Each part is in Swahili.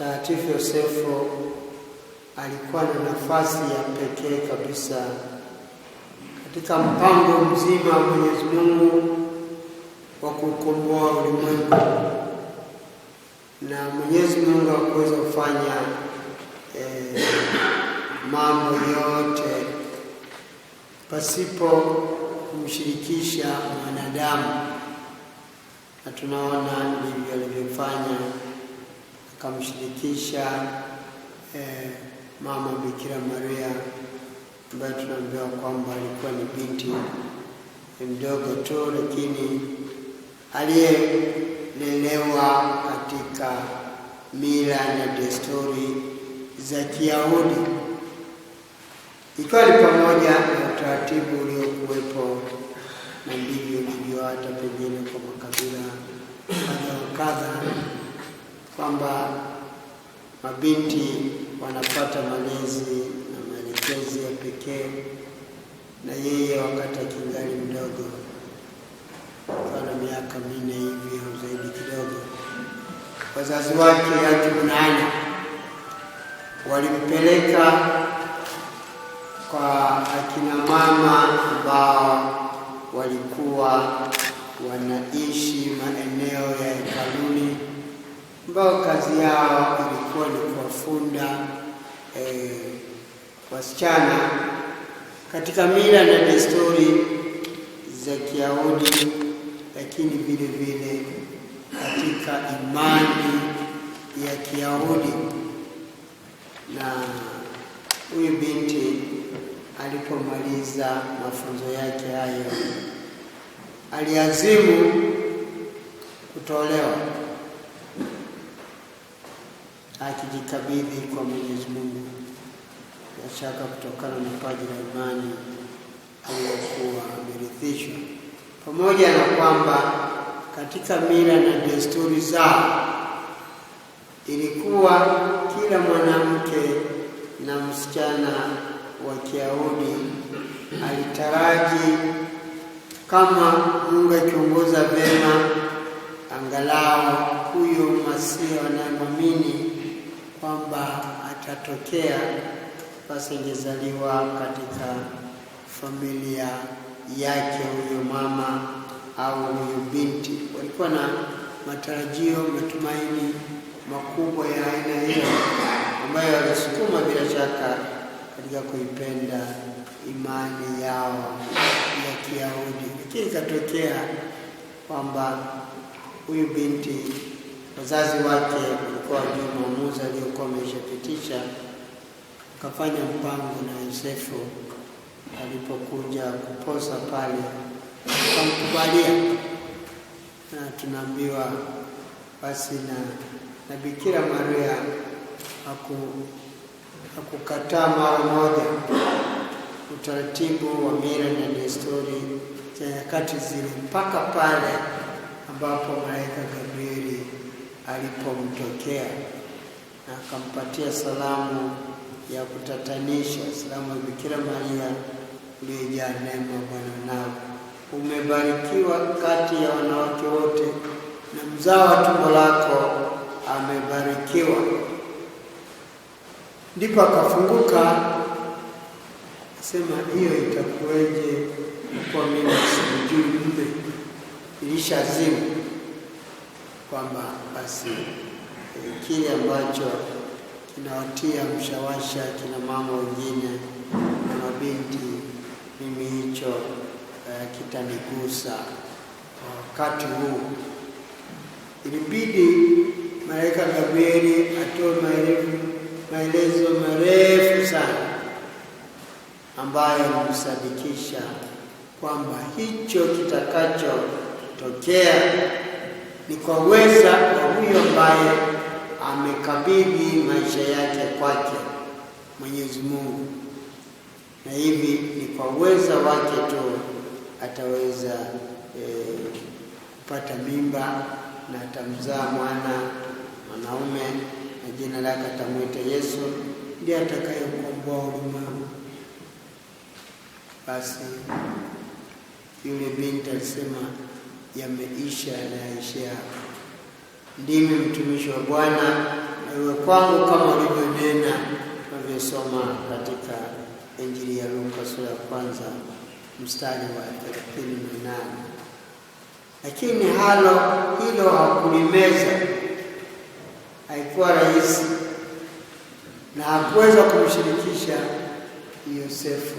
Mtakatifu Yosefu alikuwa na nafasi ya pekee kabisa katika mpango mzima wa Mwenyezi Mungu wa kukomboa ulimwengu, na Mwenyezi Mungu akuweza kufanya eh, mambo yote pasipo kumshirikisha mwanadamu, na tunaona ndivyo alivyofanya kamshirikisha eh, mama Bikira Maria ambaye tunaambiwa kwamba alikuwa ni binti mdogo tu, lakini aliyelelewa katika mila na desturi za Kiyahudi, ikiwa ni pamoja na utaratibu uliokuwepo na ndivyo ulivyo hata pengine kwa makabila kadha kadha kwamba mabinti wanapata malezi na maelekezi ya pekee, na yeye wakati akingali mdogo, kana miaka minne hivi au zaidi kidogo, wazazi wake yake mnane walimpeleka kwa akina mama ambao walikuwa wanaishi maeneo ya hekaluni ambao kazi yao ilikuwa ni kuwafunda eh, wasichana katika mila na desturi za Kiyahudi, lakini vile vile katika imani ya Kiyahudi. Na huyu binti alipomaliza mafunzo yake hayo, aliazimu kutolewa akijikabidhi kwa Mwenyezi Mungu, bila shaka kutokana na paji la imani aliyokuwa amerithishwa, pamoja na kwamba katika mila na desturi zao ilikuwa kila mwanamke na msichana wa Kiyahudi alitaraji kama Mungu akiongoza vyema, angalau huyo Masihi anayemwamini kwamba atatokea basi angezaliwa katika familia yake huyo mama au huyo binti. Walikuwa na matarajio, matumaini makubwa ya aina hiyo ambayo walisukuma bila shaka katika kuipenda imani yao ya Kiyahudi, lakini ikatokea kwamba huyu binti wazazi wake walikuwa wajua maamuzi aliyokuwa ameshapitisha, akafanya mpango na Yosefu. Alipokuja kuposa pale, akamkubalia na tunaambiwa basi na, na Bikira Maria haku hakukataa mara moja utaratibu wa mira na desturi za nyakati zile mpaka pale ambapo malaika Gabrieli alipomtokea na akampatia salamu ya kutatanisha, salamu ya Bikira Maria uliyejaa neema, Bwana nao umebarikiwa kati ya wanawake wote, na mzao wa tumbo lako amebarikiwa. Ndipo akafunguka asema, hiyo itakuweje? Kwa mimi sijui, mbe ilishazimu kwamba basi kile ambacho kinawatia mshawasha kina mama wengine na mabinti, mimi hicho eh, kitanigusa wakati huu. Ilibidi malaika Gabrieli atoe maelezo marefu sana ambayo kusadikisha kwamba hicho kitakachotokea ni kwa uweza wa huyo ambaye amekabidhi maisha yake kwake Mwenyezi Mungu, na hivi ni kwa uweza wake tu ataweza eh, kupata e, mimba na atamzaa mwana mwanaume na jina lake atamwita Yesu, ndiye atakayekomboa ulimwengu. Basi yule binti alisema yameisha yanaishia hapa. Ndimi mtumishi wa Bwana naiwe kwangu kama alivyonena, tunavyosoma katika Injili ya Luka sura ya kwanza mstari wa thelathini na nane. Lakini halo hilo hakulimeza, haikuwa rahisi na hakuweza kumshirikisha Yosefu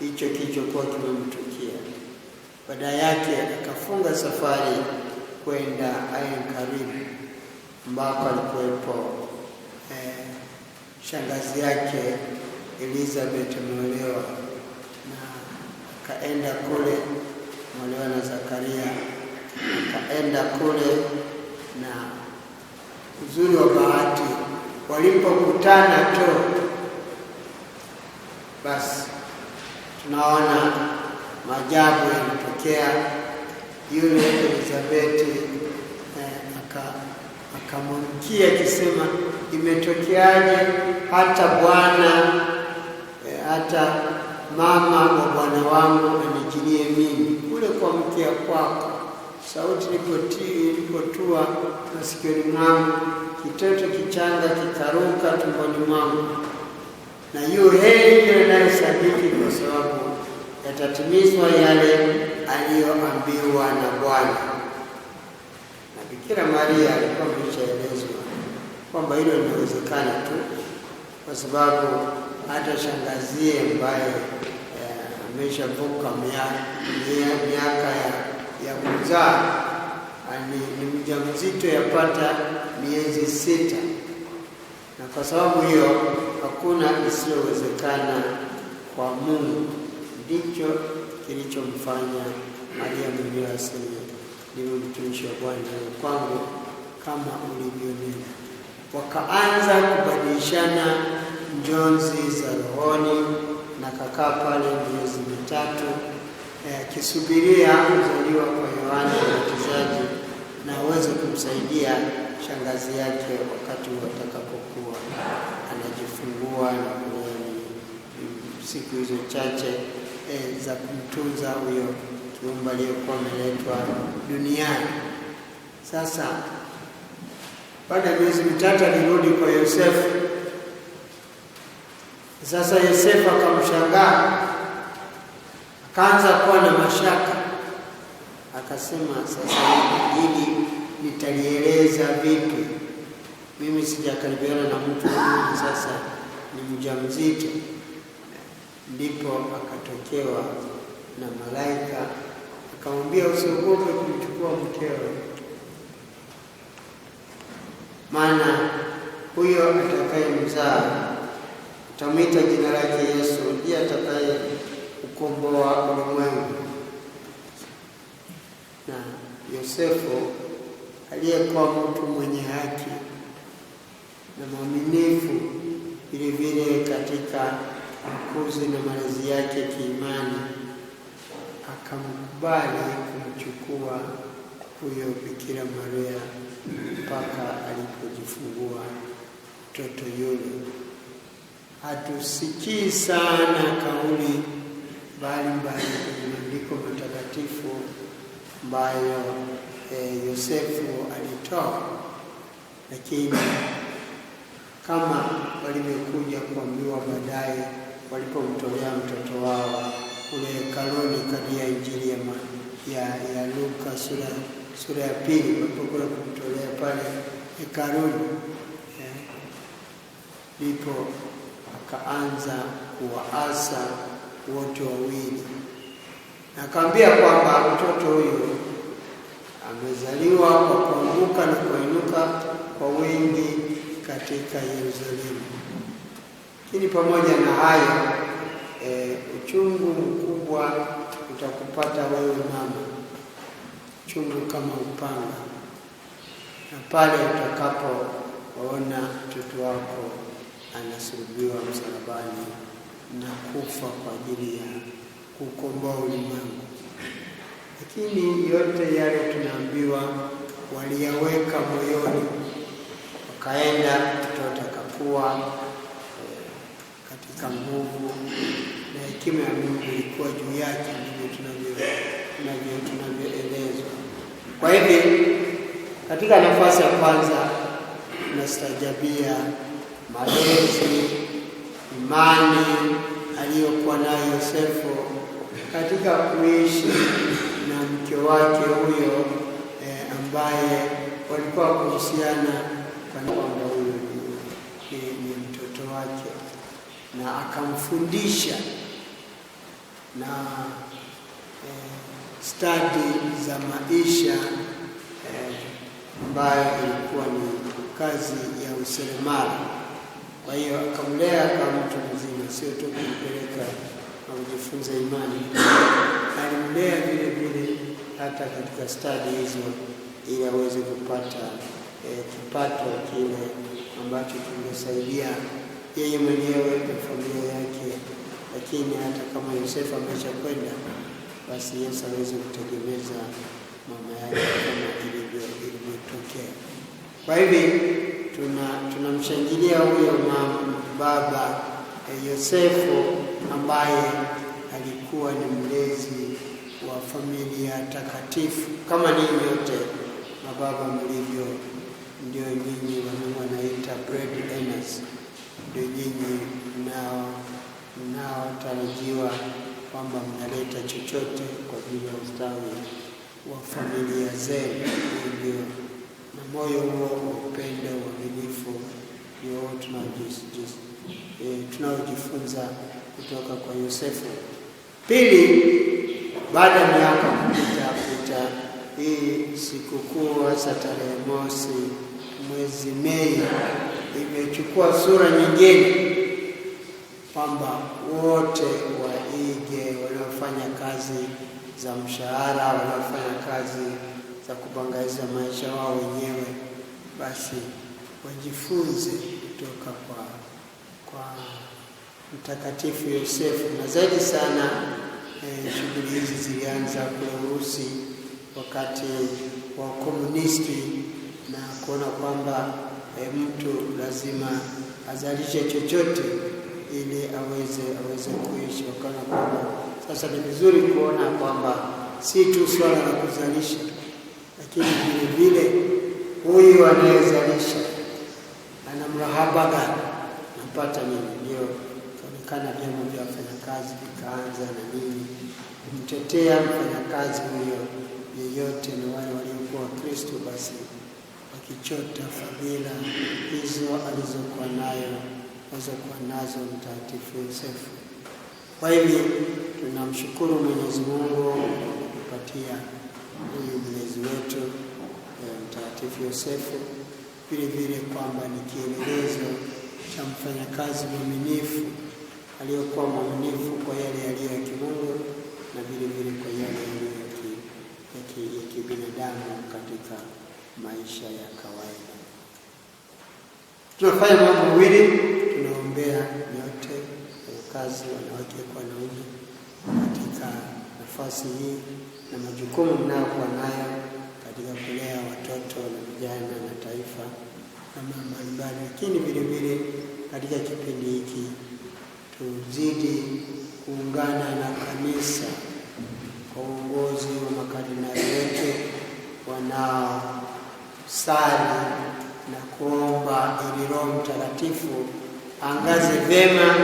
hicho kilichokuwa kimemtu baada yake akafunga safari kwenda Ain Karim ambapo alikuwepo eh, shangazi yake Elizabeth mwolewa, na akaenda kule mwolewa na Zakaria, akaenda kule na uzuri wa bahati, walipokutana tu basi tunaona maajabu kumpokea yule Elizabeti eh, akamwankia akisema, imetokeaje hata bwana eh, hata mama wa bwana wangu anijinie mimi? Kule kuamkia kwako sauti ilipotua masikioni mwangu, kitoto kichanga kikaruka tumboni mwangu, na yu heri ndiyo inayosadiki, kwa sababu yatatimizwa yale aliyoambiwa na Bwana. Na Bikira Maria alikuwa ameshaelezwa kwamba hilo linawezekana tu, kwa sababu hata shangazie ambaye eh, ameshavuka miaka ya kuzaa ni mjamzito yapata miezi sita, na kwa sababu hiyo hakuna isiyowezekana kwa Mungu ndicho kilichomfanya Maria mwenyewe aseme, ndivyo mtumishi wa Bwana kwangu kama ulivyonena. Wakaanza kubadilishana njonzi za rohoni, na kakaa pale miezi mitatu eh, akisubiria eh, kuzaliwa kwa Yohana Mbatizaji na aweze kumsaidia shangazi yake wakati watakapokuwa anajifungua, na siku hizo chache e, za kumtunza huyo kiumbe aliyokuwa ameletwa duniani. Sasa baada ya miezi mitatu alirudi kwa Yosefu. Sasa Yosefu akamshangaa, akaanza kuwa na mashaka, akasema sasa hili nitalieleza vipi? Mimi sijakaribiana na mtu, sasa ni mjamzito. Ndipo akatokewa na malaika akamwambia, usiogope kumchukua mkeo, maana huyo atakaye mzaa utamwita jina lake Yesu, ndiye atakaye ukomboa ulimwengu. Na Yosefu aliyekuwa mtu mwenye haki na mwaminifu vilevile katika makuzi na malezi yake kiimani, akamkubali kumchukua huyo Bikira Maria mpaka alipojifungua mtoto yule. Hatusikii sana kauli mbalimbali kwenye maandiko matakatifu ambayo e, Yosefu alitoa, lakini kama walivyokuja kuambiwa baadaye walipomtolea mtoto wao kule hekaluni ya Injili ya, ya, ya Luka sura, sura ya pili walipokuwa kumtolea pale hekaluni eh, ndipo eh, akaanza kuwaasa wote wawili, na kaambia kwamba mtoto huyu amezaliwa kwa kuanguka na kuinuka kwa wingi katika Yerusalemu. Lakini pamoja na hayo e, uchungu mkubwa utakupata wewe mama, uchungu kama upanga, na pale utakapoona mtoto wako anasulubiwa msalabani na kufa kwa ajili ya kukomboa ulimwengu. Lakini yote yale tunaambiwa waliyaweka moyoni, wakaenda, mtoto akakua katika nguvu na hekima ya Mungu ilikuwa juu yake, ndivyo tunavyo tunavyoelezwa. Kwa hivyo katika nafasi ya kwanza tunastajabia malezi, imani aliyokuwa nayo Yosefu katika kuishi na mke wake huyo e, ambaye walikuwa kuhusiana kwamba huyo ni mtoto wake na akamfundisha na eh, stadi za maisha eh, ambayo eh, ilikuwa ni kazi ya useremala. Kwa hiyo akamlea kama mtu mzima, sio tu kumpeleka kujifunza imani, alimlea vile vile hata katika stadi hizo, ili aweze kupata eh, kipato kile ambacho kingesaidia yeye mwenyewe na familia yake, lakini hata kama Yosefu amesha kwenda, basi Yesu aweze kutegemeza mama yake kama ilivyotokea. Kwa hivi tunamshangilia tuna huyo baba e, Yosefu ambaye alikuwa ni mlezi wa familia takatifu kama ninyi yote mababa mlivyo, ndio nyinyi wanaita earners. mkafanikiwa kwamba mnaleta chochote kwa ajili ya ustawi wa familia zenu. Hivyo na moyo huo wa upendo, uaminifu ndio e, tunaojifunza kutoka kwa Yosefu. Pili, baada ya miaka kupita pita, hii sikukuu hasa tarehe mosi mwezi Mei imechukua sura nyingine kwamba wote waige, wanaofanya kazi za mshahara, wanaofanya kazi za kubangaiza maisha wao wenyewe, basi wajifunze kutoka kwa, kwa Mtakatifu Yosefu. Na zaidi sana eh, shughuli hizi zilianza kule Urusi wakati wa komunisti, na kuona kwamba eh, mtu lazima azalishe chochote ili aweze aweze kuishi. Wakaona kwamba sasa ni vizuri kuona kwamba si tu swala la kuzalisha, lakini vile vile huyu anayezalisha ana mrahaba gani, nampata nini? Ndio kaonekana vyama vya wafanyakazi vikaanza na nini kumtetea mfanyakazi huyo yeyote, na wale waliokuwa Wakristo basi wakichota fadhila hizo alizokuwa nayo alizokuwa nazo Mtakatifu Yosefu. Kwa hivyo tunamshukuru Mwenyezi Mungu kupatia huyu mlezi wetu eh, Mtakatifu Yosefu, vile vile kwamba ni kielelezo cha mfanyakazi mwaminifu aliyokuwa mwaminifu kwa yale yaliyo ya kimungu na vile vile kwa yale yaliyo ya kibinadamu katika maisha ya kawaida. Tunafanya mambo mawili kuwaombea nyote wakazi, wanawake kwa wanaume, katika nafasi hii na majukumu mnayokuwa nayo katika kulea watoto na vijana na taifa na mambo mbalimbali, lakini vilevile katika kipindi hiki tuzidi kuungana na kanisa kwa uongozi wa makardinali wetu wanaosali na kuomba ili Roho Mtakatifu angaze vyema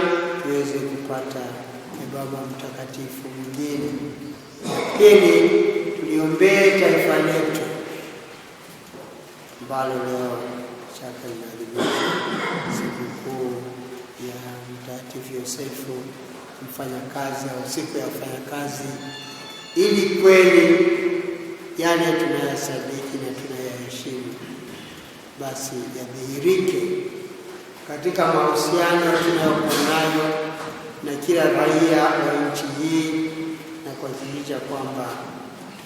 tuweze kupata Baba Mtakatifu mwingine. Pili, tuliombee taifa letu ambalo leo shaka linaadhimisha sikukuu ya Mtakatifu Yosefu mfanyakazi au siku ya wafanyakazi, ili kweli yale tunayasadiki na tunayaheshimu basi yadhihirike katika mahusiano tunayokuwa nayo na kila raia wa nchi hii na kuhakikisha kwamba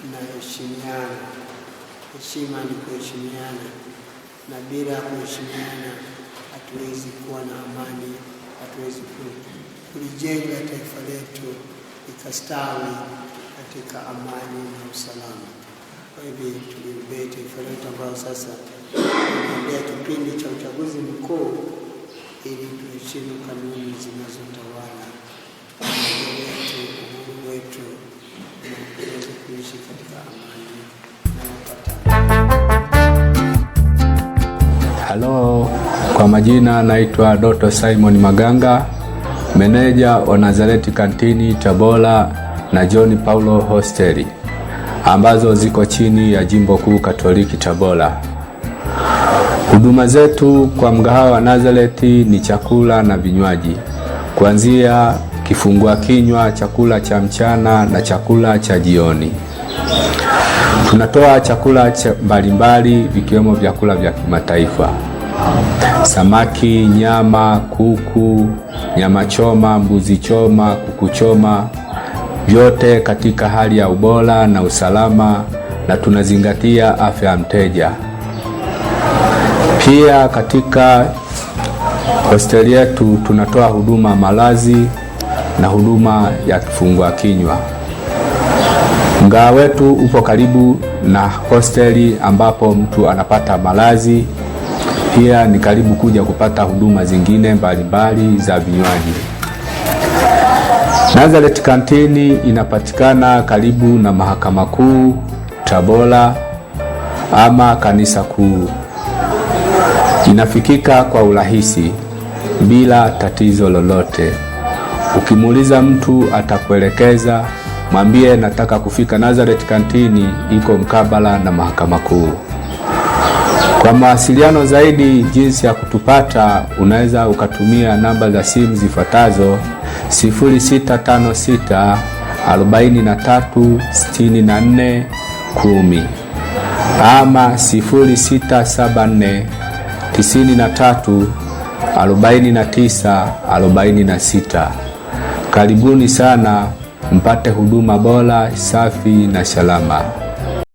tunaheshimiana. Heshima ni kuheshimiana, na bila kuheshimiana hatuwezi kuwa na amani, hatuwezi kulijenga taifa letu ikastawi katika amani na usalama. Kwa hivyo tuliombee taifa letu ambayo sasa tunaendea kipindi cha uchaguzi mkuu ili tuheshimu kanuni zinazotawala wetu, uhuru wetu na tuweze kuishi katika amani na mapatano. Halo, kwa majina naitwa Doto Simon Maganga, meneja wa Nazareti Kantini Tabora na John Paulo Hosteli ambazo ziko chini ya Jimbo Kuu Katoliki Tabora. Huduma zetu kwa mgahawa wa Nazareti ni chakula na vinywaji, kuanzia kifungua kinywa, chakula cha mchana na chakula cha jioni. Tunatoa chakula cha mbalimbali vikiwemo vyakula vya kimataifa: samaki, nyama, kuku, nyama choma, mbuzi choma, kuku choma, vyote katika hali ya ubora na usalama, na tunazingatia afya ya mteja. Pia katika hosteli yetu tunatoa huduma malazi na huduma ya kifungua kinywa. Mgahawa wetu upo karibu na hosteli ambapo mtu anapata malazi, pia ni karibu kuja kupata huduma zingine mbalimbali za vinywaji. Nazareth Kantini inapatikana karibu na mahakama kuu Tabora ama kanisa kuu inafikika kwa urahisi bila tatizo lolote. Ukimuuliza mtu atakuelekeza. Mwambie nataka kufika Nazareth, kantini iko mkabala na mahakama kuu. Kwa mawasiliano zaidi, jinsi ya kutupata, unaweza ukatumia namba za simu zifuatazo: 0656 43 64 10 ama 0674 tisini na na tatu arobaini tisa arobaini na sita. Karibuni sana mpate huduma bora, safi na salama.